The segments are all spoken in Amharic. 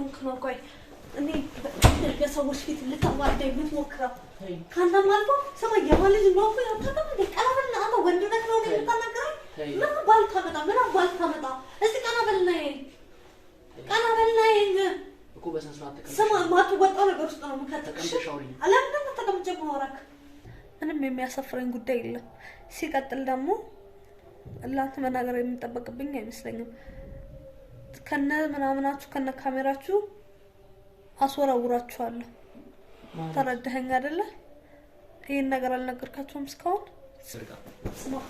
የሆንክ ነው? ቆይ እኔ ፊት ልታዋርደኝ የምትሞክረው ከአንተም አልፎ አንተ ወንድነት ነው ምን ምን እስቲ ስማ፣ ማትወጣው ነገር ውስጥ ነው ተቀምጬ ማወራክ? ምንም የሚያሳፍረኝ ጉዳይ የለም። ሲቀጥል ደግሞ ላንተ መናገር የሚጠበቅብኝ አይመስለኝም። ከነ ምናምናችሁ ከነ ካሜራችሁ አስወራውራችኋለሁ። ተረዳኸኝ አይደለ? ይህን ነገር አልነገርካቸውም እስካሁን። አሞኛል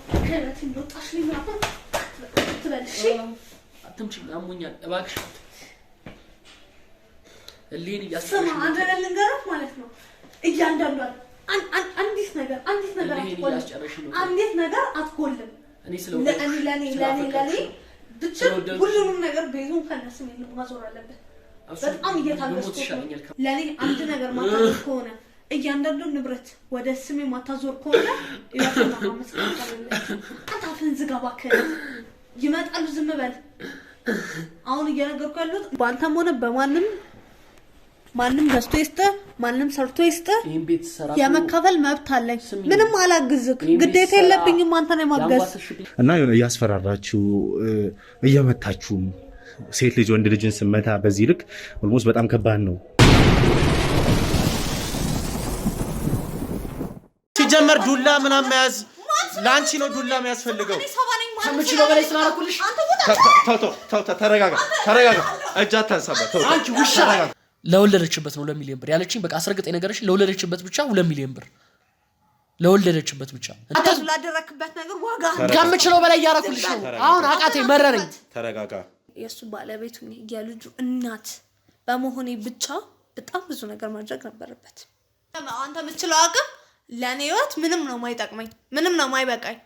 አንዲት ነገር አትጎልም። እኔ ስለሆነ ለእኔ ለእኔ ለእኔ ብትችል ሁሉንም ነገር ቤቱን ከነስም የለም ማዞር አለበት። በጣም እየታገስኩ ለእኔ አንድ ነገር ማታዞር ከሆነ እያንዳንዱ ንብረት ወደ ስሜ ማታዞር ከሆነ አታፍን ዝጋ እባክህ። ይመጣሉ፣ ዝም በል። አሁን እየነገርኩ ያሉት በአንተም ሆነ በማንም ማንም ገዝቶ ይስጥ፣ ማንም ሰርቶ ይስጥ፣ የመከፈል መብት አለኝ። ምንም አላግዝክ፣ ግዴታ የለብኝም አንተን የማገዝ እና እያስፈራራችሁ እየመታችሁም ሴት ልጅ ወንድ ልጅን ስመታ በዚህ ልክ ኦልሞስት በጣም ከባድ ነው። ሲጀመር ዱላ ምናምን መያዝ ለአንቺ ነው ዱላ የሚያስፈልገው። ከምችለው በላይ ስላደረኩልሽ ተረጋጋ፣ ተረጋጋ። እጅ አታንሳባት አንቺ ውሻ ለወለደችበት ነው ሁለት ሚሊዮን ብር ያለችኝ። በቃ አስረግጠ ነገረች። ለወለደችበት ብቻ ሁለት ሚሊዮን ብር ለወለደችበት ብቻ ላደረክበት ነገር ዋጋ ከምችለው በላይ እያረኩልሽ ነው። አሁን አቃቴ መረረኝ። ተረጋጋ። የእሱ ባለቤቱ የልጁ እናት በመሆኔ ብቻ በጣም ብዙ ነገር ማድረግ ነበረበት። አንተ የምትችለው አቅም ለእኔ ህይወት ምንም ነው ማይጠቅመኝ፣ ምንም ነው ማይበቃኝ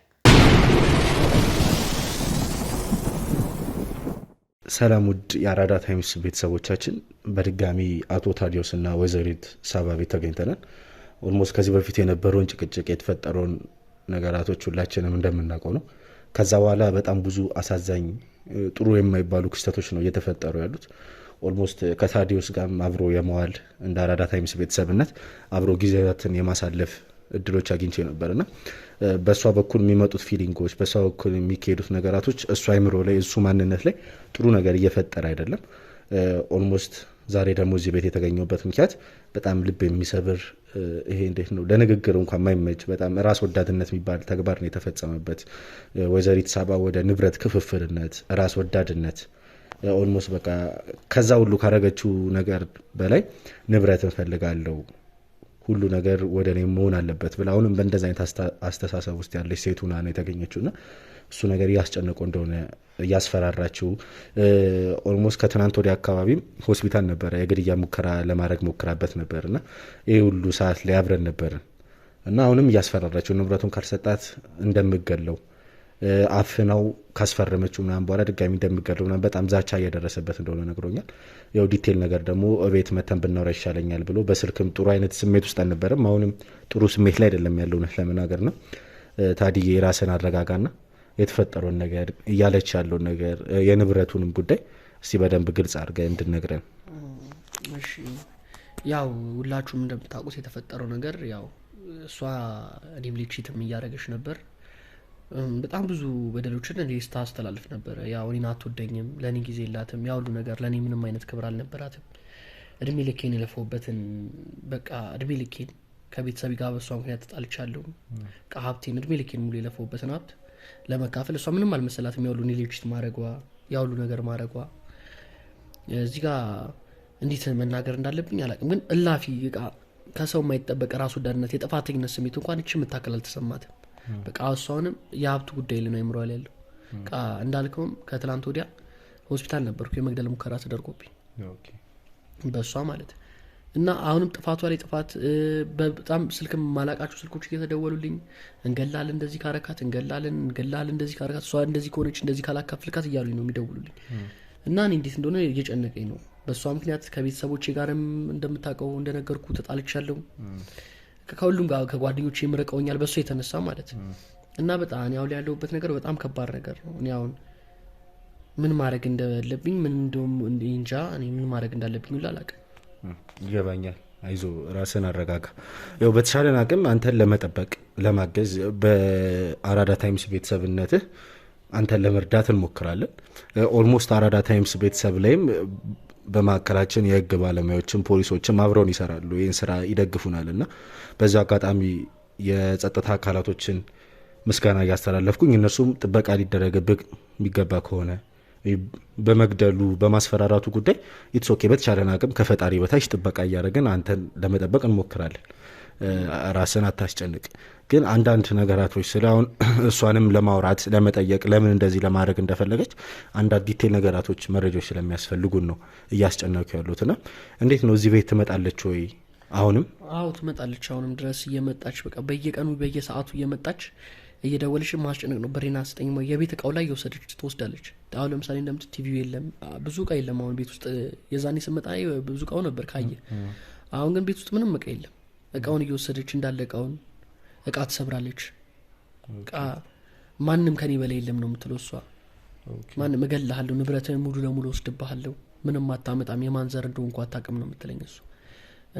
ሰላም ውድ የአራዳ ታይምስ ቤተሰቦቻችን በድጋሚ አቶ ታዲዮስ እና ወይዘሪት ሳባ ቤት ተገኝተናል። ኦልሞስት ከዚህ በፊት የነበረውን ጭቅጭቅ የተፈጠረውን ነገራቶች ሁላችንም እንደምናውቀው ነው። ከዛ በኋላ በጣም ብዙ አሳዛኝ ጥሩ የማይባሉ ክስተቶች ነው እየተፈጠሩ ያሉት። ኦልሞስት ከታዲዮስ ጋርም አብሮ የመዋል እንደ አራዳ ታይምስ ቤተሰብነት አብሮ ጊዜያትን የማሳለፍ እድሎች አግኝቼ ነበር እና በእሷ በኩል የሚመጡት ፊሊንጎች በእሷ በኩል የሚካሄዱት ነገራቶች እሱ አይምሮ ላይ እሱ ማንነት ላይ ጥሩ ነገር እየፈጠረ አይደለም። ኦልሞስት ዛሬ ደግሞ እዚህ ቤት የተገኘበት ምክንያት በጣም ልብ የሚሰብር ይሄ እንዴት ነው ለንግግር እንኳን ማይመች በጣም ራስ ወዳድነት የሚባል ተግባር ነው የተፈጸመበት። ወይዘሪት ሳባ ወደ ንብረት ክፍፍልነት፣ ራስ ወዳድነት ኦልሞስት በቃ ከዛ ሁሉ ካረገችው ነገር በላይ ንብረት እንፈልጋለው ሁሉ ነገር ወደ እኔ መሆን አለበት ብላ አሁንም በእንደዚ አይነት አስተሳሰብ ውስጥ ያለች ሴት ሁና ነው የተገኘችው ና እሱ ነገር እያስጨነቆ እንደሆነ እያስፈራራችው ኦልሞስት ከትናንት ወዲያ አካባቢም ሆስፒታል ነበረ የግድያ ሙከራ ለማድረግ ሞክራበት ነበር ና ይህ ሁሉ ሰዓት ላይ አብረን ነበርን እና አሁንም እያስፈራራችው ንብረቱን ካልሰጣት እንደምገለው አፍነው ካስፈረመችው ምናምን በኋላ ድጋሚ እንደሚገድለው ምናምን በጣም ዛቻ እየደረሰበት እንደሆነ ነግሮኛል። ያው ዲቴል ነገር ደግሞ እቤት መተን ብናወራ ይሻለኛል ብሎ በስልክም ጥሩ አይነት ስሜት ውስጥ አልነበረም። አሁንም ጥሩ ስሜት ላይ አይደለም ያለው እውነት ለመናገር ነው። ታዲዬ የራስን አረጋጋና የተፈጠረውን ነገር እያለች ያለውን ነገር የንብረቱንም ጉዳይ እስቲ በደንብ ግልጽ አድርገ እንድነግረን። ያው ሁላችሁም እንደምታውቁት የተፈጠረው ነገር ያው እሷ ሪብሊችትም እያደረገች ነበር በጣም ብዙ በደሎችን እኔ ስታስተላልፍ ነበረ። ያው እኔን አትወደኝም፣ ለእኔ ጊዜ የላትም፣ ያ ሁሉ ነገር ለእኔ ምንም አይነት ክብር አልነበራትም። እድሜ ልኬን የለፈውበትን በቃ እድሜ ልኬን ከቤተሰብ ጋር በሷ ምክንያት ተጣልቻለሁ። ቃ ሀብቴን እድሜ ልኬን ሙሉ የለፈውበትን ሀብት ለመካፈል እሷ ምንም አልመሰላትም። ያሁሉ እኔ ሌጅት ማድረጓ ያ ሁሉ ነገር ማድረጓ እዚህ ጋር እንዴት መናገር እንዳለብኝ አላውቅም። ግን እላፊ ቃ ከሰው የማይጠበቅ ራስ ወዳድነት የጥፋተኝነት ስሜት እንኳን እች የምታክል አልተሰማትም። በቃ እሷንም የሀብቱ ጉዳይ ልነው ይምረዋል ያለው እንዳልከውም ከትላንት ወዲያ ሆስፒታል ነበርኩ የመግደል ሙከራ ተደርጎብኝ በእሷ ማለት እና አሁንም ጥፋቷ ላይ ጥፋት በጣም ስልክ ማላቃቸው ስልኮች እየተደወሉልኝ እንገላል እንደዚህ ካረካት እንገላለን እንገላል እንደዚህ ካረካት እሷ እንደዚህ ከሆነች እንደዚህ ካላካፍልካት እያሉኝ ነው የሚደውሉልኝ እና እኔ እንዴት እንደሆነ እየጨነቀኝ ነው በእሷ ምክንያት ከቤተሰቦቼ ጋርም እንደምታውቀው እንደነገርኩ ተጣልቻለሁ ከሁሉም ጋር ከጓደኞች የምርቀውኛል በሱ የተነሳ ማለት እና በጣም ያው አሁን ያለሁበት ነገር በጣም ከባድ ነገር ነው። እኔ አሁን ምን ማድረግ እንዳለብኝ ምን እንደም እንጃ ምን ማድረግ እንዳለብኝ ሁላ አላውቅም። ይገባኛል። አይዞ ራስን አረጋጋ። ያው በተሻለን አቅም አንተን ለመጠበቅ ለማገዝ በአራዳ ታይምስ ቤተሰብነትህ አንተን ለመርዳት እንሞክራለን። ኦልሞስት አራዳ ታይምስ ቤተሰብ ላይም በማዕከላችን የህግ ባለሙያዎችም ፖሊሶችም አብረውን ይሰራሉ፣ ይህን ስራ ይደግፉናል እና በዚ አጋጣሚ የጸጥታ አካላቶችን ምስጋና እያስተላለፍኩኝ እነሱም ጥበቃ ሊደረግብህ የሚገባ ከሆነ በመግደሉ በማስፈራራቱ ጉዳይ ኢትሶኬ በተቻለን አቅም ከፈጣሪ በታች ጥበቃ እያደረግን አንተን ለመጠበቅ እንሞክራለን። ራስን አታስጨንቅ። ግን አንዳንድ ነገራቶች ስለ አሁን እሷንም ለማውራት ለመጠየቅ ለምን እንደዚህ ለማድረግ እንደፈለገች አንዳንድ ዲቴል ነገራቶች መረጃዎች ስለሚያስፈልጉን ነው እያስጨነቁ ያሉት ና እንዴት ነው እዚህ ቤት ትመጣለች ወይ አሁንም አዎ ትመጣለች አሁንም ድረስ እየመጣች በቃ በየቀኑ በየሰዓቱ እየመጣች እየደወለች ማስጨነቅ ነው በሬና ስጠኝ የቤት እቃው ላይ እየወሰደች ትወስዳለች አሁን ለምሳሌ እንደምት ቲቪ የለም ብዙ እቃ የለም አሁን ቤት ውስጥ የዛኔ ስመጣ ብዙ እቃው ነበር ካየ አሁን ግን ቤት ውስጥ ምንም እቃ የለም እቃውን እየወሰደች እንዳለ እቃውን እቃ ትሰብራለች ማንም ከኔ በላይ የለም ነው የምትለው እሷ ማንም እገልሃለሁ ንብረትን ሙሉ ለሙሉ ወስድብሃለሁ ምንም አታመጣም የማንዘር እንደሆንኩ አታቅም ነው የምትለኝ እሱ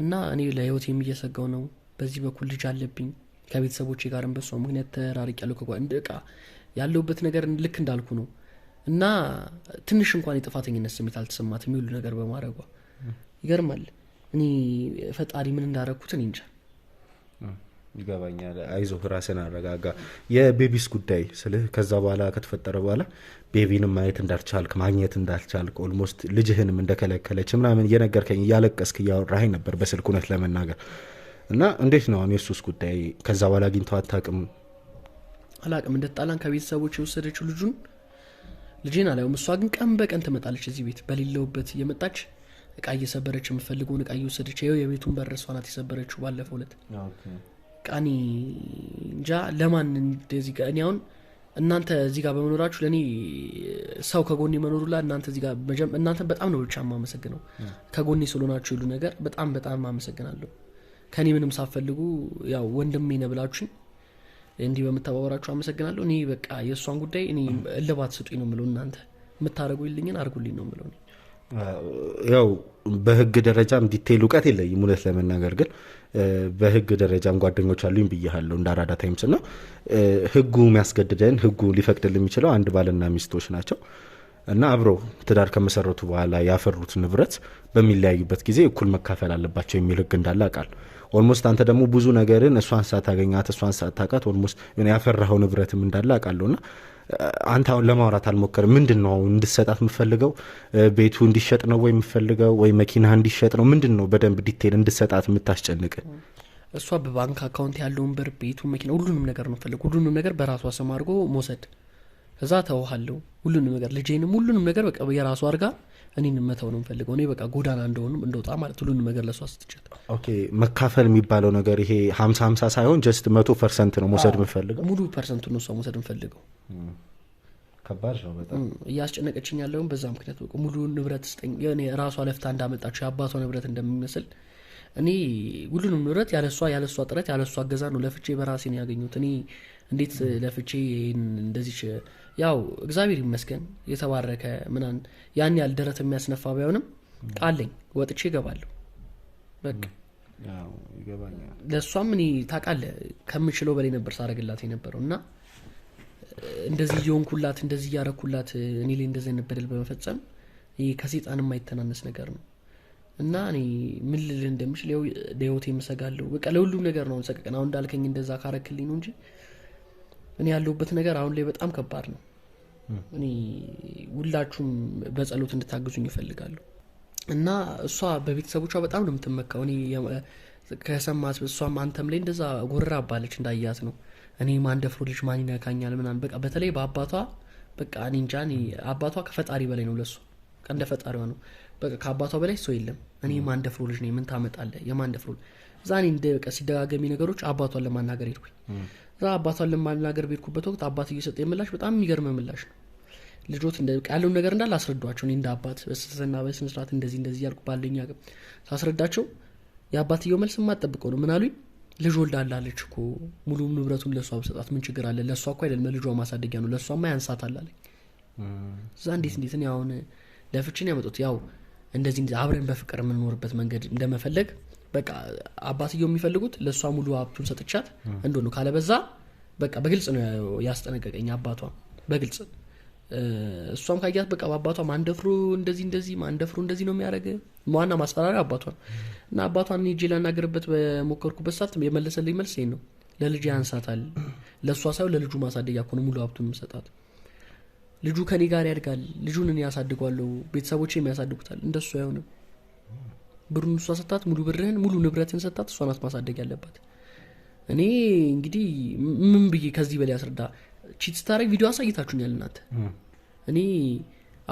እና እኔ ለህይወት የሚየሰጋው ነው በዚህ በኩል ልጅ አለብኝ ከቤተሰቦቼ ጋርም በሷ ምክንያት ተራርቅ ያለው ከጓ እቃ ያለውበት ነገር ልክ እንዳልኩ ነው እና ትንሽ እንኳን የጥፋተኝነት ስሜት አልተሰማትም የሚውሉ ነገር በማድረጓ ይገርማል እኔ ፈጣሪ ምን እንዳረግኩትን እንጃ ይገባኛል። አይዞ ራስን አረጋጋ። የቤቢስ ጉዳይ ስል ከዛ በኋላ ከተፈጠረ በኋላ ቤቢንም ማየት እንዳልቻልክ ማግኘት እንዳልቻልክ ኦልሞስት ልጅህንም እንደከለከለች ምናምን እየነገርከኝ እያለቀስክ እያወራኸኝ ነበር በስልክ እውነት ለመናገር እና እንዴት ነው አሁን የሱስ ጉዳይ? ከዛ በኋላ አግኝተው አታውቅም? አላቅም እንደጣላን ከቤተሰቦች የወሰደችው ልጁን ልጅን አላየውም። እሷ ግን ቀን በቀን ትመጣለች እዚህ ቤት በሌለውበት እየመጣች እቃ እየሰበረች የምፈልገውን እቃ እየወሰደች ይኸው የቤቱን በረሷናት እሷ ናት የሰበረችው ባለፈው ዕለት ቃኔ እንጃ ለማን እንደዚህ ጋር እኔ አሁን እናንተ እዚህ ጋር በመኖራችሁ ለእኔ ሰው ከጎኔ መኖሩላ እናንተ እዚህ ጋር እናንተ በጣም ነው ብቻ የማመሰግነው ከጎኔ ስለሆናችሁ ሁሉ ነገር በጣም በጣም አመሰግናለሁ። ከእኔ ምንም ሳፈልጉ ያው ወንድሜ ነህ እንዲህ በምተባበራችሁ አመሰግናለሁ። እኔ በቃ የእሷን ጉዳይ እኔ እልባት ስጡኝ ነው ምለው እናንተ የምታደረጉ ይልኝን አርጉልኝ ነው ምለው ያው በህግ ደረጃም ዲቴይል እውቀት የለኝም እውነት ለመናገር ግን በህግ ደረጃም ጓደኞች አሉኝ ብያለሁ እንደ አራዳ ታይምስ ነው ህጉ የሚያስገድደን ህጉ ሊፈቅድል የሚችለው አንድ ባልና ሚስቶች ናቸው እና አብሮ ትዳር ከመሰረቱ በኋላ ያፈሩት ንብረት በሚለያዩበት ጊዜ እኩል መካፈል አለባቸው የሚል ህግ እንዳለ አቃል ኦልሞስት አንተ ደግሞ ብዙ ነገርን እሷን ሳታገኛት እሷን ሳታቃት ኦልሞስት ያፈራኸው ንብረትም እንዳለ አውቃለሁ እና አንተ አሁን ለማውራት አልሞከርም። ምንድን ነው አሁን እንድሰጣት የምፈልገው? ቤቱ እንዲሸጥ ነው ወይ የምፈልገው ወይ መኪና እንዲሸጥ ነው? ምንድን ነው በደንብ ዲቴል እንድሰጣት የምታስጨንቅ? እሷ በባንክ አካውንት ያለውን ብር፣ ቤቱ፣ መኪና፣ ሁሉንም ነገር ነው ሁሉንም ነገር በራሷ ስም አድርጎ መውሰድ። እዛ ተውሃለሁ ሁሉንም ነገር ልጄንም ሁሉንም ነገር በቃ የራሷ አድርጋ እኔን መተው ነው የምፈልገው። እኔ በቃ ጎዳና እንደሆንም እንደወጣ ማለት ሁሉን ነገር ለሷ ስትችል ኦኬ መካፈል የሚባለው ነገር ይሄ ሀምሳ ሀምሳ ሳይሆን ጀስት መቶ ፐርሰንት ነው መውሰድ የምፈልገው ሙሉ ፐርሰንቱ ነው እሷ መውሰድ የምፈልገው። ከባድ ነው በጣም እያስጨነቀችኝ ያለውን በዛ ምክንያት ሙሉ ንብረት ስጠኝ። ራሷ ለፍታ እንዳመጣቸው የአባቷ ንብረት እንደሚመስል እኔ ሁሉንም ንብረት ያለሷ ያለሷ ጥረት ያለሷ እገዛ ነው ለፍቼ በራሴ ነው ያገኙት። እኔ እንዴት ለፍቼ ይህን እንደዚህ ያው እግዚአብሔር ይመስገን የተባረከ ምናን ያን ያህል ደረት የሚያስነፋ ቢሆንም ቃለኝ ወጥቼ ይገባለሁ ለእሷም እኔ ታቃለ ከምችለው በላይ ነበር ሳረግላት የነበረው እና እንደዚህ እየሆንኩላት እንደዚህ እያረኩላት እኔ ላይ እንደዚህ ነበደል በመፈጸም ይህ ከሴጣን የማይተናነስ ነገር ነው እና እኔ ምን ልልህ እንደምችል ለህይወት የምሰጋለሁ በቃ ለሁሉም ነገር ነው ሰቀቀን አሁን እንዳልከኝ እንደዛ ካረክልኝ ነው እንጂ እኔ ያለሁበት ነገር አሁን ላይ በጣም ከባድ ነው እኔ ሁላችሁም በጸሎት እንድታግዙኝ ይፈልጋሉ እና እሷ በቤተሰቦቿ በጣም ነው የምትመካው። እኔ ከሰማት እሷም አንተም ላይ እንደዛ ጎረራ አባለች እንዳያት ነው እኔ ማንደፍሮ ልጅ ማን ይነካኛል ምናም በቃ በተለይ በአባቷ በቃ እኔ እንጃ አባቷ ከፈጣሪ በላይ ነው ለሱ እንደ ፈጣሪ ነው በቃ ከአባቷ በላይ ሰው የለም። እኔ የማንደፍሮ ልጅ ነኝ ምን ታመጣለህ የማንደፍሮ እዛ እኔ እንደ በቃ ሲደጋገሚ ነገሮች አባቷን ለማናገር ሄድኩኝ እዛ አባቷን ለማናገር ቤድኩበት ወቅት አባት እየሰጠ የምላሽ በጣም የሚገርመ ምላሽ ነው። ልጆት ያለውን ነገር እንዳለ አስረዷቸው። እኔ እንደ አባት በስተሰና በስተትና በስነስርዓት እንደዚህ እንደዚህ ያልኩ ባለኝ አቅም ሳስረዳቸው የአባትየው መልስ የማጠብቀው ነው። ምን አሉኝ? ልጅ ወልዳላለች እኮ ሙሉ ንብረቱን ለእሷ ብሰጣት ምን ችግር አለ? ለእሷ እኮ አይደለም ልጇ ማሳደጊያ ነው። ለእሷማ ያንሳት አላለኝ። እዛ እንዴት እንዴት እኔ አሁን ለፍችን ያመጡት ያው እንደዚህ አብረን በፍቅር የምንኖርበት መንገድ እንደመፈለግ በቃ አባትየው የሚፈልጉት ለእሷ ሙሉ ሀብቱን ሰጥቻት ነው ካለበዛ በቃ በግልጽ ነው ያስጠነቀቀኝ አባቷ በግልጽ እሷም ካያት በቃ በአባቷ ማንደፍሩ እንደዚህ እንደዚህ ማንደፍሩ እንደዚህ ነው የሚያደረገ ዋና ማስፈራሪያ አባቷ እና አባቷን እጄ ላናገርበት በሞከርኩበት ሰዓት የመለሰልኝ መልስ ነው ለልጅ ያንሳታል ለእሷ ሳይሆን ለልጁ ማሳደግ ያኮነ ሙሉ ሀብቱ ሰጣት ልጁ ከኔ ጋር ያድጋል ልጁን እኔ ያሳድጓለሁ ቤተሰቦች የሚያሳድጉታል እንደሱ አይሆንም ብሩን እሷ ሰጣት፣ ሙሉ ብርህን ሙሉ ንብረትን ሰጣት። እሷ ናት ማሳደግ ያለባት። እኔ እንግዲህ ምን ብዬ ከዚህ በላይ አስረዳ? ቺት ስታደርግ ቪዲዮ አሳይታችሁኛል እናንተ። እኔ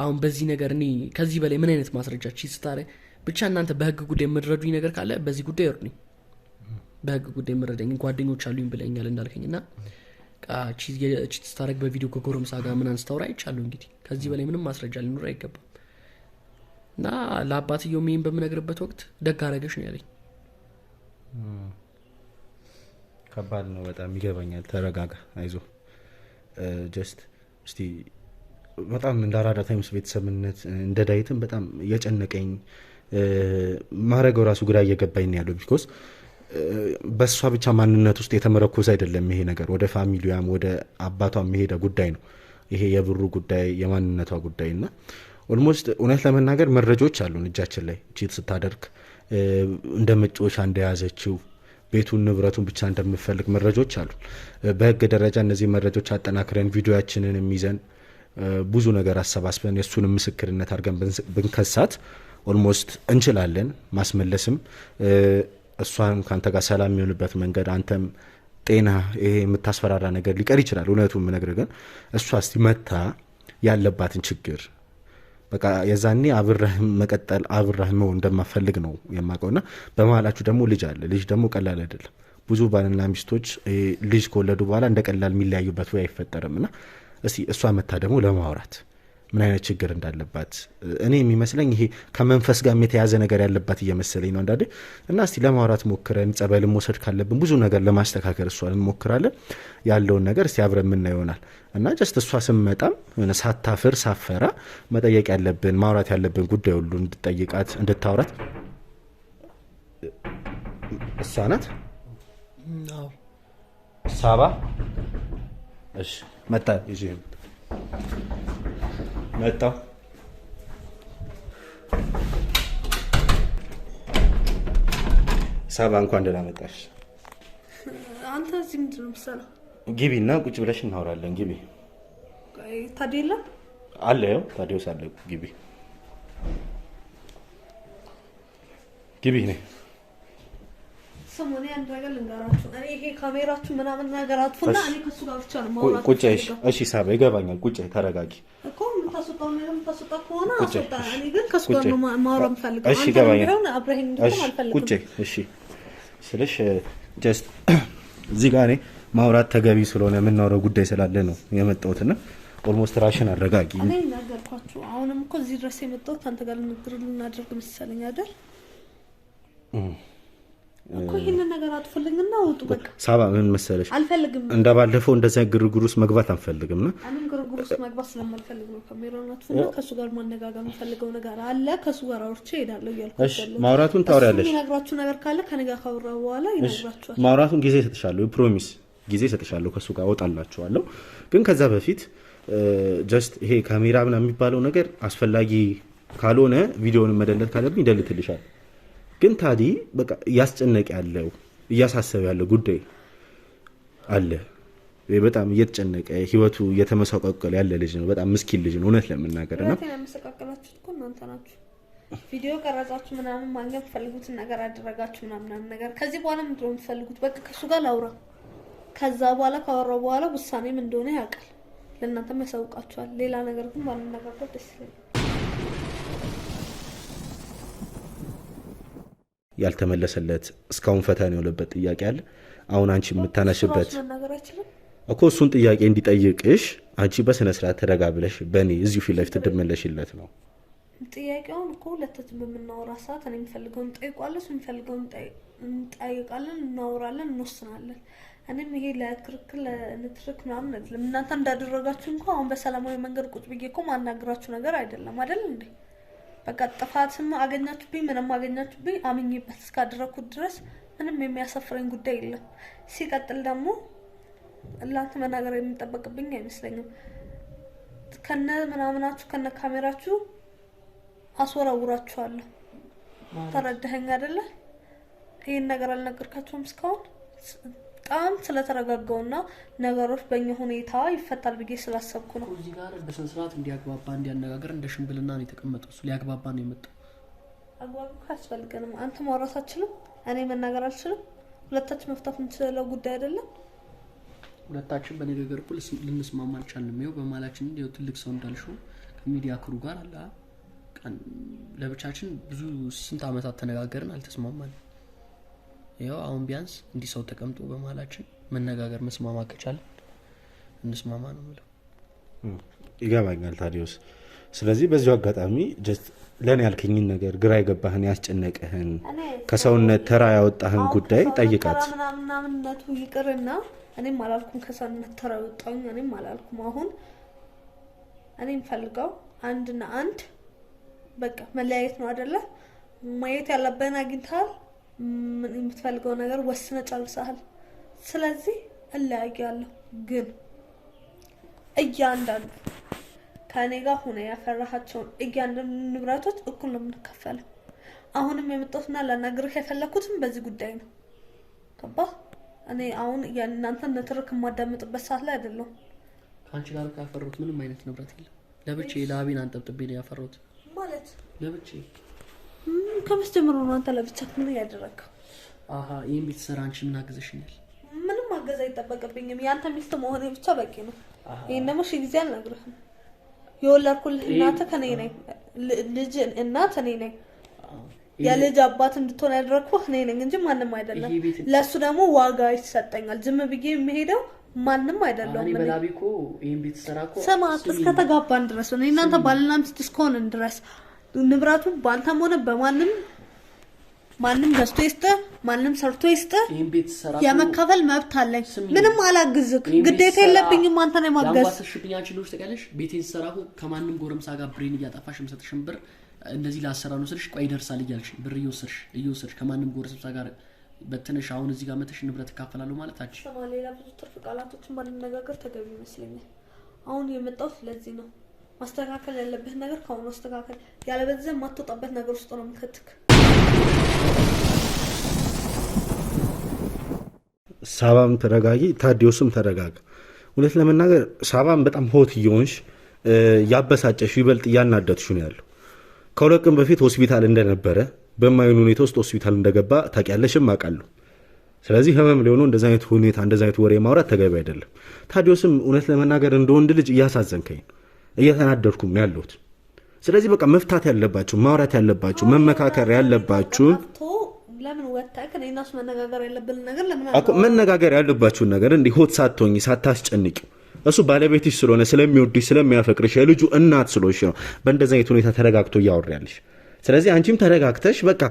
አሁን በዚህ ነገር እኔ ከዚህ በላይ ምን አይነት ማስረጃ ቺት ስታደርግ ብቻ እናንተ በህግ ጉዳይ የምረዱኝ ነገር ካለ በዚህ ጉዳይ እርዱኝ። በህግ ጉዳይ የምረዳኝ ጓደኞች አሉኝ ብለኛል እንዳልከኝ እና ቺት ስታደርግ በቪዲዮ ከጎረምሳ ጋር ምን አንስታውራ አይቻሉ እንግዲህ ከዚህ በላይ ምንም ማስረጃ ሊኖር አይገባም። እና ለአባትየው ሜን በምነግርበት ወቅት ደግ አረገሽ ነው ያለኝ። ከባድ ነው በጣም ይገባኛል። ተረጋጋ፣ አይዞ ጀስት እስቲ በጣም እንደ አራዳ ታይምስ ቤተሰብነት እንደ ዳይትም በጣም እየጨነቀኝ ማድረገው ራሱ ግራ እየገባኝ ነው ያለው። ቢኮስ በእሷ ብቻ ማንነት ውስጥ የተመረኮዝ አይደለም ይሄ ነገር፣ ወደ ፋሚሊያም ወደ አባቷ የሄደ ጉዳይ ነው ይሄ የብሩ ጉዳይ የማንነቷ ጉዳይ እና ኦልሞስት እውነት ለመናገር መረጃዎች አሉን እጃችን ላይ ቺት ስታደርግ እንደ መጫወቻ እንደያዘችው ቤቱን ንብረቱን ብቻ እንደምፈልግ መረጃዎች አሉ። በህግ ደረጃ እነዚህ መረጃዎች አጠናክረን ቪዲዮያችንን የሚዘን ብዙ ነገር አሰባስበን የእሱንም ምስክርነት አድርገን ብንከሳት ኦልሞስት እንችላለን። ማስመለስም እሷን ከአንተ ጋር ሰላም የሚሆንበት መንገድ አንተም ጤና ይሄ የምታስፈራራ ነገር ሊቀር ይችላል። እውነቱ ነገር ግን እሷ መታ ያለባትን ችግር በቃ የዛኔ አብረህ መቀጠል አብረህ መሆን እንደማፈልግ ነው የማውቀው። እና በመሀላችሁ ደግሞ ልጅ አለ። ልጅ ደግሞ ቀላል አይደለም። ብዙ ባልና ሚስቶች ልጅ ከወለዱ በኋላ እንደ ቀላል የሚለያዩበት ወይ አይፈጠርም። እና እስቲ እሷ መታ ደግሞ ለማውራት ምን አይነት ችግር እንዳለባት እኔ የሚመስለኝ ይሄ ከመንፈስ ጋር የተያዘ ነገር ያለባት እየመሰለኝ ነው አንዳንዴ። እና እስቲ ለማውራት ሞክረን ጸበልን መውሰድ ካለብን ብዙ ነገር ለማስተካከል እሷን እንሞክራለን። ያለውን ነገር እስቲ አብረን የምና ይሆናል እና ጀስት እሷ ስመጣም ሳታፍር ሳፈራ መጠየቅ ያለብን ማውራት ያለብን ጉዳይ ሁሉ እንድጠይቃት እንድታውራት እሷ ናት። ሳባ መጣ መጣ መጣው ሳባ እንኳን ደህና መጣሽ። አንተ እዚህ ምንድን ነው የምትሰራው? ግቢ እና ቁጭ ብለሽ እናወራለን። ግቢ ታዲያ የለም አለ። ያው ታዲያውስ አለ። ግቢ ግቢ። እኔ ሰሞኑን አንድ ነገር ልንገራችሁ። እኔ ይሄ ካሜራችሁ ምናምን ነገር አጥፉና እኔ ከሱ ጋር ብቻ ነው የማወራው። ቁጭ እሺ። ሳባ ይገባኛል። ቁጭ ተረጋጊ እኮ ማውራት እዚህ እኔ ማውራት ተገቢ ስለሆነ የምናውረው ጉዳይ ስላለ ነው የመጣሁት እና ኦልሞስት ራሽን አረጋጊ። ነገርኳችሁ። አሁንም እኮ እዚህ ድረስ የመጣሁት አንተ ጋር ልንድር ልናደርግ መሰለኝ አይደል እኮ ይህንን ነገር አጥፉልኝና ውጡ። በቃ ሳባ ምን መሰለሽ፣ አልፈልግም እንደ ባለፈው እንደዚያ ግርግር ውስጥ መግባት አንፈልግም። ና ምን ግርግር ውስጥ መግባት ስለማልፈልግ ነው ከእሱ ጋር ማነጋገር የምፈልገው ነገር አለ። ከእሱ ጋር አውርቼ እሄዳለሁ እያልኩ ማውራቱን ነገር ካለ ከነጋ ካወራ በኋላ ማውራቱን ጊዜ እሰጥሻለሁ፣ ፕሮሚስ ጊዜ ይሰጥሻለሁ። ከእሱ ጋር እወጣላችኋለሁ። ግን ከዛ በፊት ጀስት ይሄ ካሜራ ምናምን የሚባለው ነገር አስፈላጊ ካልሆነ ቪዲዮን መደለት ካለብኝ ደልትልሻል ግን ታዲ በቃ እያስጨነቀ ያለው እያሳሰበ ያለው ጉዳይ አለ። በጣም እየተጨነቀ ህይወቱ እየተመሰቃቀለ ያለ ልጅ ነው። በጣም ምስኪን ልጅ ነው። እውነት ለምናገር ነው። እናንተ ቪዲዮ ቀረጻችሁ ምናምን ማግኘት የምትፈልጉትን ነገር አደረጋችሁ ምናምን ነገር። ከዚህ በኋላ ምንድ የምትፈልጉት? በቃ ከእሱ ጋር ላውራ። ከዛ በኋላ ካወራው በኋላ ውሳኔም እንደሆነ ያውቃል። ለእናንተም ያሳውቃችኋል። ሌላ ነገር ግን ማንም ነገር ደስ ይለኛል። ያልተመለሰለት እስካሁን ፈተና የሆነበት ጥያቄ አለ። አሁን አንቺ የምታነሽበት እኮ እሱን ጥያቄ እንዲጠይቅሽ አንቺ በስነ ስርዓት ተረጋ ብለሽ በእኔ እዚሁ ፊት ለፊት ትድመለሽለት ነው። ጥያቄውን እኮ ሁለት በምናወራ ሰዓት እኔ የሚፈልገውን እንጠይቋለን፣ እሱ የሚፈልገውን እንጠይቃለን፣ እናወራለን፣ እንወስናለን። እኔም ይሄ ለክርክር ለንትርክ ምናምን እናንተ እንዳደረጋችሁ እንኳ አሁን በሰላማዊ መንገድ ቁጭ ብዬ እኮ ማናገራችሁ ነገር አይደለም አይደል እንዴ? በቃ ጥፋትም አገኛችሁብኝ ምንም አገኛችሁብኝ አምኜበት እስካደረግኩት ድረስ ምንም የሚያሳፍረኝ ጉዳይ የለም። ሲቀጥል ደግሞ እናንተ መናገር የሚጠበቅብኝ አይመስለኝም። ከነ ምናምናችሁ ከነ ካሜራችሁ አስወራውራችኋለሁ። ተረዳኸኝ አይደለ? ይህን ነገር አልነገርካቸውም እስካሁን በጣም ስለተረጋጋውና ነገሮች በእኛ ሁኔታ ይፈታል ብዬ ስላሰብኩ ነው። እዚህ ጋር በስነ ስርዓት እንዲያግባባ እንዲያነጋገር እንደ ሽምግልና ነው የተቀመጠው። እሱ ሊያግባባ ነው የመጣው። አግባቡ አያስፈልገንም። አንተ ማውራት አችልም፣ እኔ መናገር አልችልም። ሁለታችን መፍታት የምንችለው ጉዳይ አይደለም። ሁለታችን በንግግር እኩል ልንስማማ አልቻልንም። ይኸው በማላችን ትልቅ ሰው እንዳልሽው ከሚዲያ ክሩ ጋር አለ ለብቻችን ብዙ ስንት ዓመታት ተነጋገርን፣ አልተስማማንም። ያው አሁን ቢያንስ እንዲህ ሰው ተቀምጦ በመሀላችን መነጋገር መስማማ ከቻለን እንስማማ ነው ምለው። ይገባኛል ታዲዮስ። ስለዚህ በዚሁ አጋጣሚ ለእኔ ያልክኝን ነገር ግራ የገባህን ያስጨነቀህን ከሰውነት ተራ ያወጣህን ጉዳይ ጠይቃት። ምናምናምነቱ ይቅርና እኔም አላልኩም ከሰውነት ተራ የወጣሁኝ እኔም አላልኩም። አሁን እኔ ፈልገው አንድና አንድ በቃ መለያየት ነው አደለ? ማየት ያለብህን አግኝተሃል። የምትፈልገው ነገር ወስነ ጨርሰሃል። ስለዚህ እለያያለሁ። ግን እያንዳንዱ ከእኔ ጋር ሆነ ያፈራሃቸውን እያንዳንዱ ንብረቶች እኩል ነው የምንከፈለው። አሁንም የመጣሁትና ላናግርህ የፈለኩትም በዚህ ጉዳይ ነው። ገባህ? እኔ አሁን እናንተን ንትርክ የማዳምጥበት ሰዓት ላይ አይደለሁም። ከአንቺ ጋር ያፈራሁት ምንም አይነት ንብረት የለም። ለብቼ ለአቢን አንጠብጥቤ ነው ያፈራሁት ማለት ለብቼ ከመስጀምሩ ነው አንተ ለብቻህ ምን ያደረግከው? አሀ ይህን ቤት ስራ አንቺ ምን አገዘሽኛል? ምንም አገዝ አይጠበቅብኝም። የአንተ ሚስት መሆኔ ብቻ በቂ ነው። ይህን ደግሞ ሺ ጊዜ አልነግርህም። የወለድኩልህ እናት ከኔ ነኝ። ልጅ እናት እኔ ነኝ። የልጅ አባት እንድትሆን ያደረግኩ እኔ ነኝ እንጂ ማንም አይደለም። ለእሱ ደግሞ ዋጋ ይሰጠኛል። ዝም ብዬ የሚሄደው ማንም አይደለም። ስማ እስከተጋባን ድረስ እናንተ ባልና ሚስት እስከሆንን ድረስ ንብረቱ ባንተም ሆነ በማንም ማንም ገዝቶ ይስጥ፣ ማንም ሰርቶ ይስጥ፣ የመካፈል መብት አለኝ። ምንም አላግዝክ፣ ግዴታ የለብኝም አንተን የማገዝ። አባትሽብኝ አንቺ ልጅ ተቀለሽ ቤቴን ሰራሁ ከማንም ጎረምሳ ጋር ብሬን እያጠፋሽ የምሰጥሽን ብር እንደዚህ ላሰራ ነው ስልሽ ቆይ ይደርሳል እያልሽ ብር እየወሰድሽ እየወሰድሽ ከማንም ጎረምሳ ጋር በትንሽ አሁን እዚህ ጋር መተሽ ንብረት እካፈላለሁ ማለት አንቺ ሌላ ብዙ ትርፍ ቃላቶችን ባንነጋገር ተገቢ ይመስለኛል። አሁን የመጣው ስለዚህ ነው። ማስተካከል ያለብህ ነገር ከአሁኑ ማስተካከል፣ ያለበዚያ የማትወጣበት ነገር ውስጥ ነው የምከትክ። ሳባም ተረጋጊ፣ ታዲዮስም ተረጋግ። እውነት ለመናገር ሳባም በጣም ሆት እየሆንሽ ያበሳጨሽ ይበልጥ እያናደድሽ ነው ያለው። ከሁለት ቀን በፊት ሆስፒታል እንደነበረ በማይሆን ሁኔታ ውስጥ ሆስፒታል እንደገባ ታውቂያለሽም አውቃለሁ። ስለዚህ ህመም ሊሆኑ እንደዚ አይነት ሁኔታ እንደዚ አይነት ወሬ ማውራት ተገቢ አይደለም። ታዲዮስም እውነት ለመናገር እንደወንድ ልጅ እያሳዘንከኝ ነው እየተናደድኩም ያለሁት። ስለዚህ በቃ መፍታት ያለባችሁ ማውራት ያለባችሁ መመካከር ያለባችሁ መነጋገር ያለብን ነገር ለምን ያለባችሁን ነገር እንዲህ ሆት ሳትሆኝ ሳታስጨንቂው እሱ ባለቤትሽ ስለሆነ ስለሚወድሽ ስለሚያፈቅርሽ የልጁ እናት ስለሆንሽ ነው በእንደዚህ አይነት ሁኔታ ተረጋግቶ እያወራልሽ። ስለዚህ አንቺም ተረጋግተሽ በቃ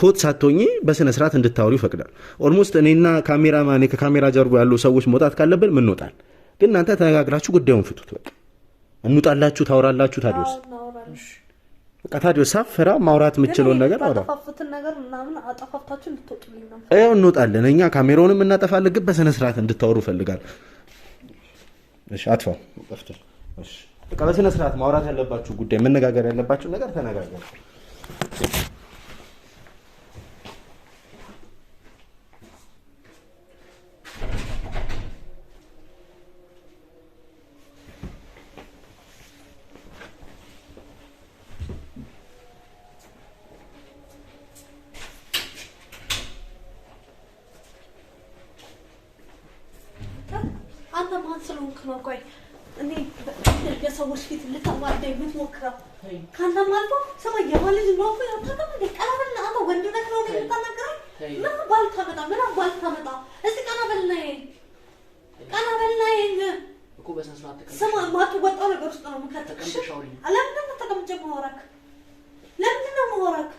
ሆት ሳትሆኝ በስነ ስርዓት እንድታወሩ ይፈቅዳል። ኦልሞስት እኔና ካሜራ ከካሜራ ጀርባ ያሉ ሰዎች መውጣት ካለብን ምንወጣል፣ ግን እናንተ ተነጋግራችሁ ጉዳዩን ፍቱት በቃ እንውጣላችሁ፣ ታውራላችሁ ታዲዮስ በቃ ታዲዮስ ሳፈራ ማውራት የምችለውን ነገር አውራ። ይኸው እንወጣለን፣ እኛ ካሜራውንም እናጠፋለን፣ ግን በስነ ስርዓት እንድታወሩ ይፈልጋል። እሺ፣ አጥፋው። በቃ በስነ ስርዓት ማውራት ያለባችሁ ጉዳይ፣ መነጋገር ያለባችሁ ነገር ተነጋገር። ነው? ቆይ እኔ የሰዎች ፊት ልታዋርደኝ የምትሞክረው ከአንተም አልፎ ሰማይ የባል ነው ወይ አታውቅም? እንደ ቀናበልና አንተ ወንድ ነው የምታናግረኝ? ምን ባልታመጣ ምን ባልታመጣ እስቲ ቀናበልና ይሄን ቀናበልና ይሄን ስማ የማትወጣው ነገር ውስጥ ነው የምከትክሽ። ለምንድን ነው ተቀምጬ መሆረክ? ለምንድን ነው መሆረክ?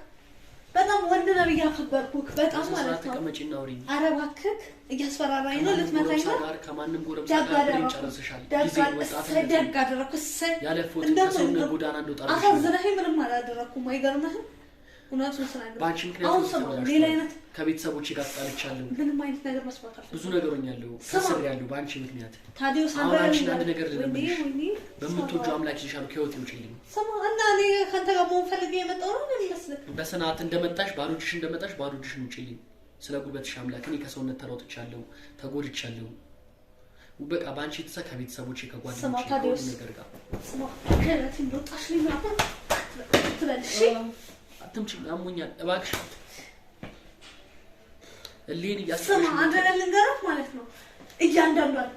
በጣም ወንድ ነው እያከበርኩህ፣ በጣም ማለት ነው። ኧረ እባክህ እያስፈራራኝ ነው፣ ልትመታኝ ነው። ደግ አደረኩህ፣ ደግ አደረኩህ። እንደው አሳዝነኸኝ ምንም አላደረኩም። አይገርምህም? በአንቺ ምክንያት ከቤተሰቦች ጋር ተጣልቻለሁ። ምንም አይነት ነገር መስማት ብዙ ነገሮኛለሁ፣ ከስሬያለሁ በአንቺ ምክንያት። አሁን አንቺን አንድ ነገር ልለምንሽ፣ በምትወጂው አምላክ ይሻሉ ከህይወት ይውጭልኝ እና እኔ ከአንተ ጋር መሆን ፈልጌ የመጣሁ ነው ይመስል በስርዓት እንደመጣሽ ባዶ እጅሽ እንደመጣሽ ባዶ እጅሽን ውጭልኝ። ስለ ጉልበትሽ አምላክ እኔ ከሰውነት ተራውጥቻለሁ፣ ተጎድቻለሁ። በቃ በአንቺ የተሳ ከቤተሰቦቼ ከጓደኞቼ ነገር ጋር አትምጪኝ፣ አሞኛል፣ እባክሽ እሌን እያስማ አንተ ነገር ልንገራት ማለት ነው። እያንዳንዷን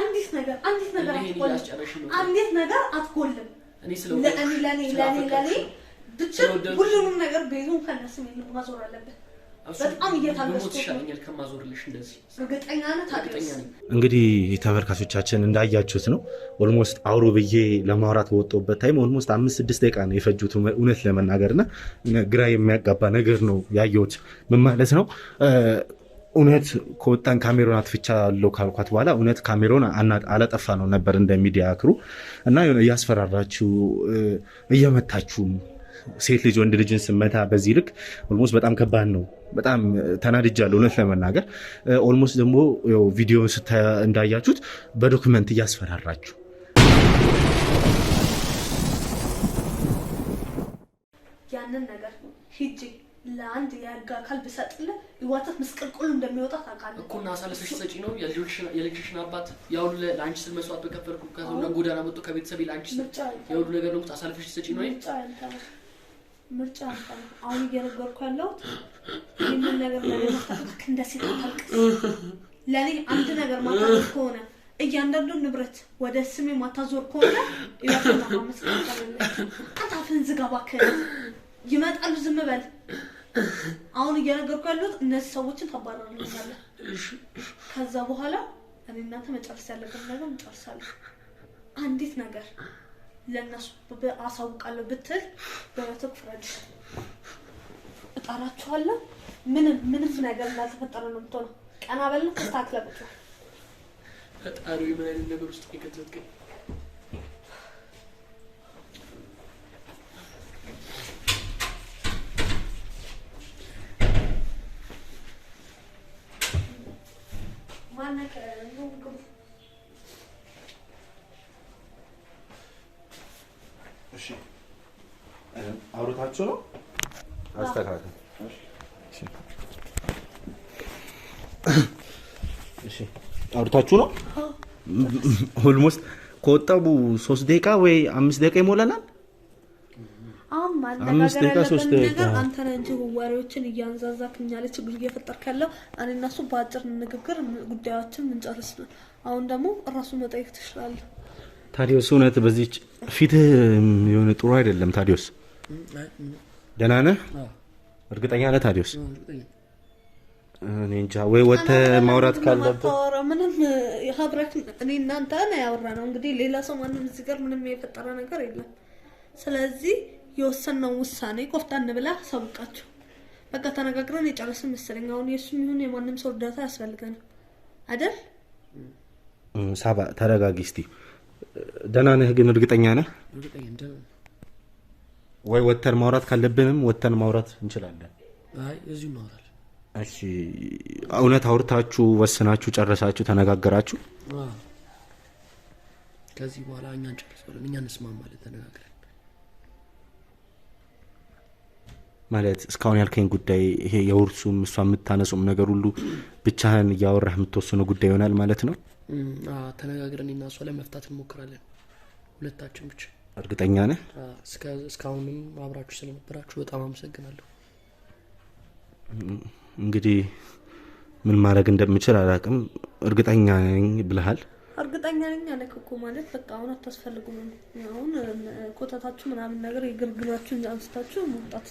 አንዲት ነገር አንዲት ነገር አትቆልም፣ አንዲት ነገር አትቆልም። እኔ ስለሆነ ለእኔ ለእኔ ለእኔ ብቻ ሁሉንም ነገር ቤቱን ከነስም ማዞር አለበት። በጣም እየታገስኩት ከማዞርልሽ እንደዚህ እርግጠኛ ነህ? ታገስ እንግዲህ ተመልካቾቻችን እንዳያችሁት ነው። ኦልሞስት አውሮ ብዬ ለማውራት በወጣሁበት ታይም ኦልሞስት አምስት ስድስት ደቂቃ ነው የፈጁት እውነት ለመናገር ለመናገርና ግራ የሚያጋባ ነገር ነው ያየሁት። ምን ማለት ነው እውነት ከወጣን ካሜሮን አትፍቻ አለው ካልኳት በኋላ እውነት ካሜሮን አላጠፋ ነው ነበር እንደሚዲያ ክሩ እና እያስፈራራችሁ እየመታችሁም ሴት ልጅ ወንድ ልጅን ስመታ በዚህ ልክ ኦልሞስት በጣም ከባድ ነው። በጣም ተናድጃለሁ እውነት ለመናገር ኦልሞስት ደግሞ ቪዲዮን እንዳያችሁት በዶክመንት እያስፈራራችሁ ያንን ነገር ሂጂ ለአንድ የህግ አካል ብሰጥል ይዋታት ምስቅልቁል እንደሚወጣ ታውቃለህ እኮ እና አሳልፈሽ ሰጪ ነው የልጅሽን አባት ያሁሉ ለአንቺ ስል መስዋዕት በከፈልኩ ከሰው ጎዳና መጥቶ ከቤተሰብ ለአንቺ ስል ያሁሉ ነገር ነው አሳልፈሽ ሰጪ ነው ይ ምርጫ አንተን አሁን እየነገርኩ ያለሁት ይህንን ነገር ለመፍታት እንደ ሴት ታልቅስ። ለእኔ አንድ ነገር ማታዞር ከሆነ እያንዳንዱ ንብረት ወደ ስሜ ማታዞር ከሆነ አንተ አፍህን ዝጋ እባክህ። ይመጣሉ፣ ዝም በል። አሁን እየነገርኩ ያለሁት እነዚህ ሰዎችን ታባረርልኛለህ። ከዛ በኋላ እኔ እናንተ መጨረስ ያለብን ነገር እንጨርሳለን። አንዲት ነገር ለእነሱ አሳውቃለሁ ብትል በመቶ ፍረድ እጠራችኋለሁ። ምንም ምንም ነገር እንዳልተፈጠረ ነው ምትሆነ ቀና በል ተስተካክለህ ቁጭ ፈጣሪ ምን አይነት ነገር ውስጥ የገዘት ግን ማነው እያስተካከላችሁ ነው። አስተካክል። እሺ አውርታችሁ ነው። ኦልሞስት ከወጣቡ ሶስት ደቂቃ ወይ አምስት ደቂቃ ይሞላናል። አምስት ደቂቃ ሶስት ደቂቃ አንተ ነህ እንጂ ወሬዎችን እያንዛዛክ እኛ ላይ ችግር እየፈጠርክ ያለው። እኔ እና እሱ በአጭር ንግግር ጉዳያችን ምንጨርስ ነው። አሁን ደግሞ እራሱ መጠየቅ ትችላለህ። ታዲዮስ እውነት በዚች ፊትህ የሆነ ጥሩ አይደለም ታዲዮስ ደህና ነህ? እርግጠኛ ነህ? ታዲዮስ እኔ እንጃ ወይ ወተህ ማውራት ካለበት ምንም ሀብራችን እኔ እናንተ ነው ያወራነው። እንግዲህ ሌላ ሰው ማንም እዚህ ጋር ምንም የፈጠረ ነገር የለም። ስለዚህ የወሰነው ውሳኔ ቆፍጣን ብላ አሳውቃቸው። በቃ ተነጋግረን የጨረስን መሰለኝ። አሁን የእሱም ይሁን የማንም ሰው እርዳታ ያስፈልገናል አይደል? ሳባ ተረጋጊ እስቲ። ደህና ነህ ግን? እርግጠኛ ነህ? ወይ ወተን ማውራት ካለብንም ወተን ማውራት እንችላለን። እዚሁ እናወራለን። እሺ እውነት አውርታችሁ ወስናችሁ ጨረሳችሁ፣ ተነጋገራችሁ? ከዚህ በኋላ እኛ እንጨርስ ብለን እኛ እንስማ ማለት ተነጋግረን ማለት እስካሁን ያልከኝ ጉዳይ ይሄ የውርሱም እሷ የምታነጹም ነገር ሁሉ ብቻህን እያወራህ የምትወስነው ጉዳይ ይሆናል ማለት ነው። ተነጋግረን እና እሷ መፍታት እንሞክራለን ሁለታችን ብቻ እርግጠኛ ነህ? እስካሁንም አብራችሁ ስለነበራችሁ በጣም አመሰግናለሁ። እንግዲህ ምን ማድረግ እንደምችል አላቅም። እርግጠኛ ነኝ ብልሃል። እርግጠኛ ነኝ ያለክ እኮ ማለት በቃ አሁን አታስፈልጉም። አሁን ኮተታችሁ ምናምን ነገር የግርግራችሁን አንስታችሁ መውጣት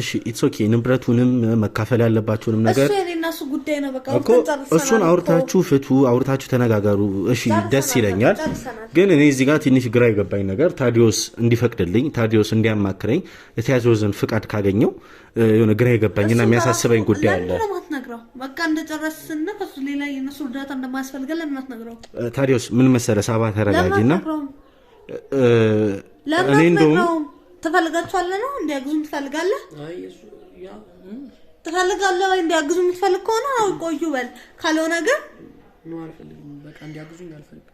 እሺ፣ ኢትስ ኦኬ። ንብረቱንም መካፈል ያለባችሁንም ነገር እሱ ጉዳይ ነው። በቃ እሱን አውርታችሁ ፍቱ፣ አውርታችሁ ተነጋገሩ። እሺ፣ ደስ ይለኛል። ግን እኔ እዚህ ጋር ትንሽ ግራ የገባኝ ነገር ታዲዮስ እንዲፈቅድልኝ ታዲዮስ እንዲያማክረኝ የተያዘወዝን ፍቃድ ካገኘው የሆነ ግራ የገባኝና የሚያሳስበኝ ጉዳይ አለ። በቃ እንደጨረስን ከሱ ሌላ የነሱ እርዳታ ለምን ታዲዮስ ምን ሳባ እኔ እንደውም ትፈልጋችኋለህ ነው እንዲያግዙ ትፈልጋለህ ትፈልጋለህ ወይ እንዲያግዙ የምትፈልግ ከሆነ ቆዩ በል፣ ካልሆነ ግን አልፈልግም። በቃ እንዲያግዙኝ አልፈልግም።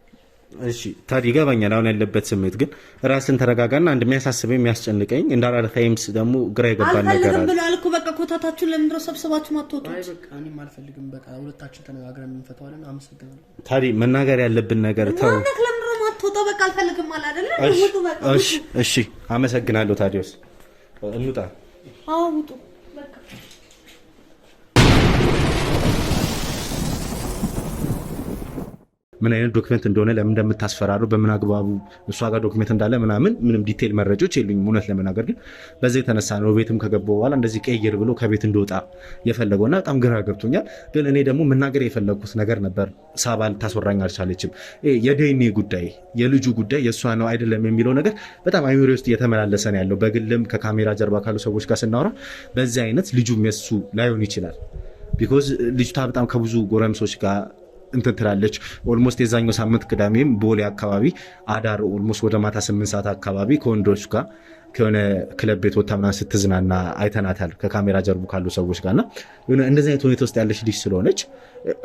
እሺ ታዲያ ይገባኛል አሁን ያለበት ስሜት ግን ራስን ተረጋጋና አንድ የሚያሳስበኝ የሚያስጨንቀኝ እንደ አራዳ ታይምስ ደግሞ ግራ የገባን ነገር አለ ብሎ አልኩ በቃ ኮታታችሁን ለምድረ ሰብስባችሁ ማትወጡት እኔም አልፈልግም በቃ ሁለታችን ተነጋግረን አመሰግናለሁ ታዲያ መናገር ያለብን ነገር ተው ለምንድነው በቃ አልፈልግም እሺ አመሰግናለሁ ታዲያስ እንውጣ አዎ ውጡ ምን አይነት ዶክመንት እንደሆነ ለምን እንደምታስፈራሩ በምን አግባቡ እሷ ጋር ዶክመንት እንዳለ ምናምን ምንም ዲቴል መረጃዎች የሉኝም እውነት ለመናገር ግን በዚህ የተነሳ ነው ቤትም ከገባ በኋላ እንደዚህ ቀይር ብሎ ከቤት እንደወጣ የፈለገው እና በጣም ግራ ገብቶኛል ግን እኔ ደግሞ መናገር የፈለግኩት ነገር ነበር ሳባ ልታስወራኝ አልቻለችም የደኔ ጉዳይ የልጁ ጉዳይ የእሷ ነው አይደለም የሚለው ነገር በጣም አይሚሪ ውስጥ እየተመላለሰ ነው ያለው በግልም ከካሜራ ጀርባ ካሉ ሰዎች ጋር ስናወራ በዚህ አይነት ልጁ የሱ ላይሆን ይችላል ቢኮዝ ልጅቷ በጣም ከብዙ ጎረምሶች ጋር እንትን ትላለች። ኦልሞስት የዛኛው ሳምንት ቅዳሜም ቦሌ አካባቢ አዳር ኦልሞስት ወደ ማታ ስምንት ሰዓት አካባቢ ከወንዶች ጋር ከሆነ ክለብ ቤት ወታ ምናምን ስትዝናና አይተናታል ከካሜራ ጀርቡ ካሉ ሰዎች ጋርና እንደዚህ አይነት ሁኔታ ውስጥ ያለች ልጅ ስለሆነች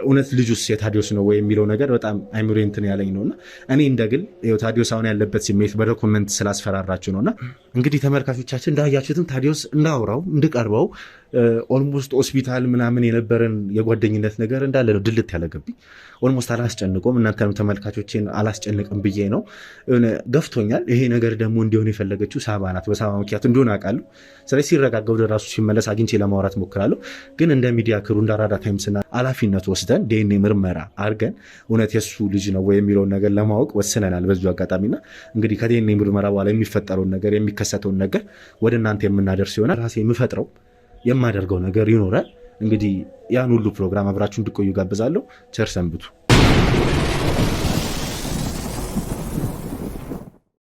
እውነት ልጁስ የታዲዮስ ነው ወይ የሚለው ነገር በጣም አይምሮ እንትን ያለኝ ነውና እኔ እንደግል ታዲዮስ አሁን ያለበት ስሜት በዶኩመንት ስላስፈራራችሁ ነውና እንግዲህ ተመልካቾቻችን እንዳያችሁትም ታዲዮስ እንዳውራው እንድቀርበው ኦልሞስት ሆስፒታል ምናምን የነበረን የጓደኝነት ነገር እንዳለ ነው ድልት ያለገብኝ። ኦልሞስት አላስጨንቆም፣ እናንተ ተመልካቾችን አላስጨንቅም ብዬ ነው ገፍቶኛል። ይሄ ነገር ደግሞ እንዲሆን የፈለገችው ሳባ ናት። በሳባ ምክንያት እንዲሆን አውቃለሁ። ስለዚህ ሲረጋጋ ወደ ራሱ ሲመለስ አግኝቼ ለማውራት ሞክራለሁ። ግን እንደ ሚዲያ ክሩ እንደ ታይምስና ኃላፊነቱ ወስደን ዲኤንኤ ምርመራ አድርገን እውነት የሱ ልጅ ነው የሚለውን ነገር ለማወቅ ወስነናል። በዚ አጋጣሚና እንግዲህ ከዲኤንኤ ምርመራ በኋላ የሚፈጠረውን ነገር የሚከሰተውን ነገር ወደ እናንተ የምናደርስ ይሆናል። ራሴ የምፈጥረው የማደርገው ነገር ይኖራል። እንግዲህ ያን ሁሉ ፕሮግራም አብራችሁ እንድቆዩ ጋብዛለሁ። ቸር ሰንብቱ።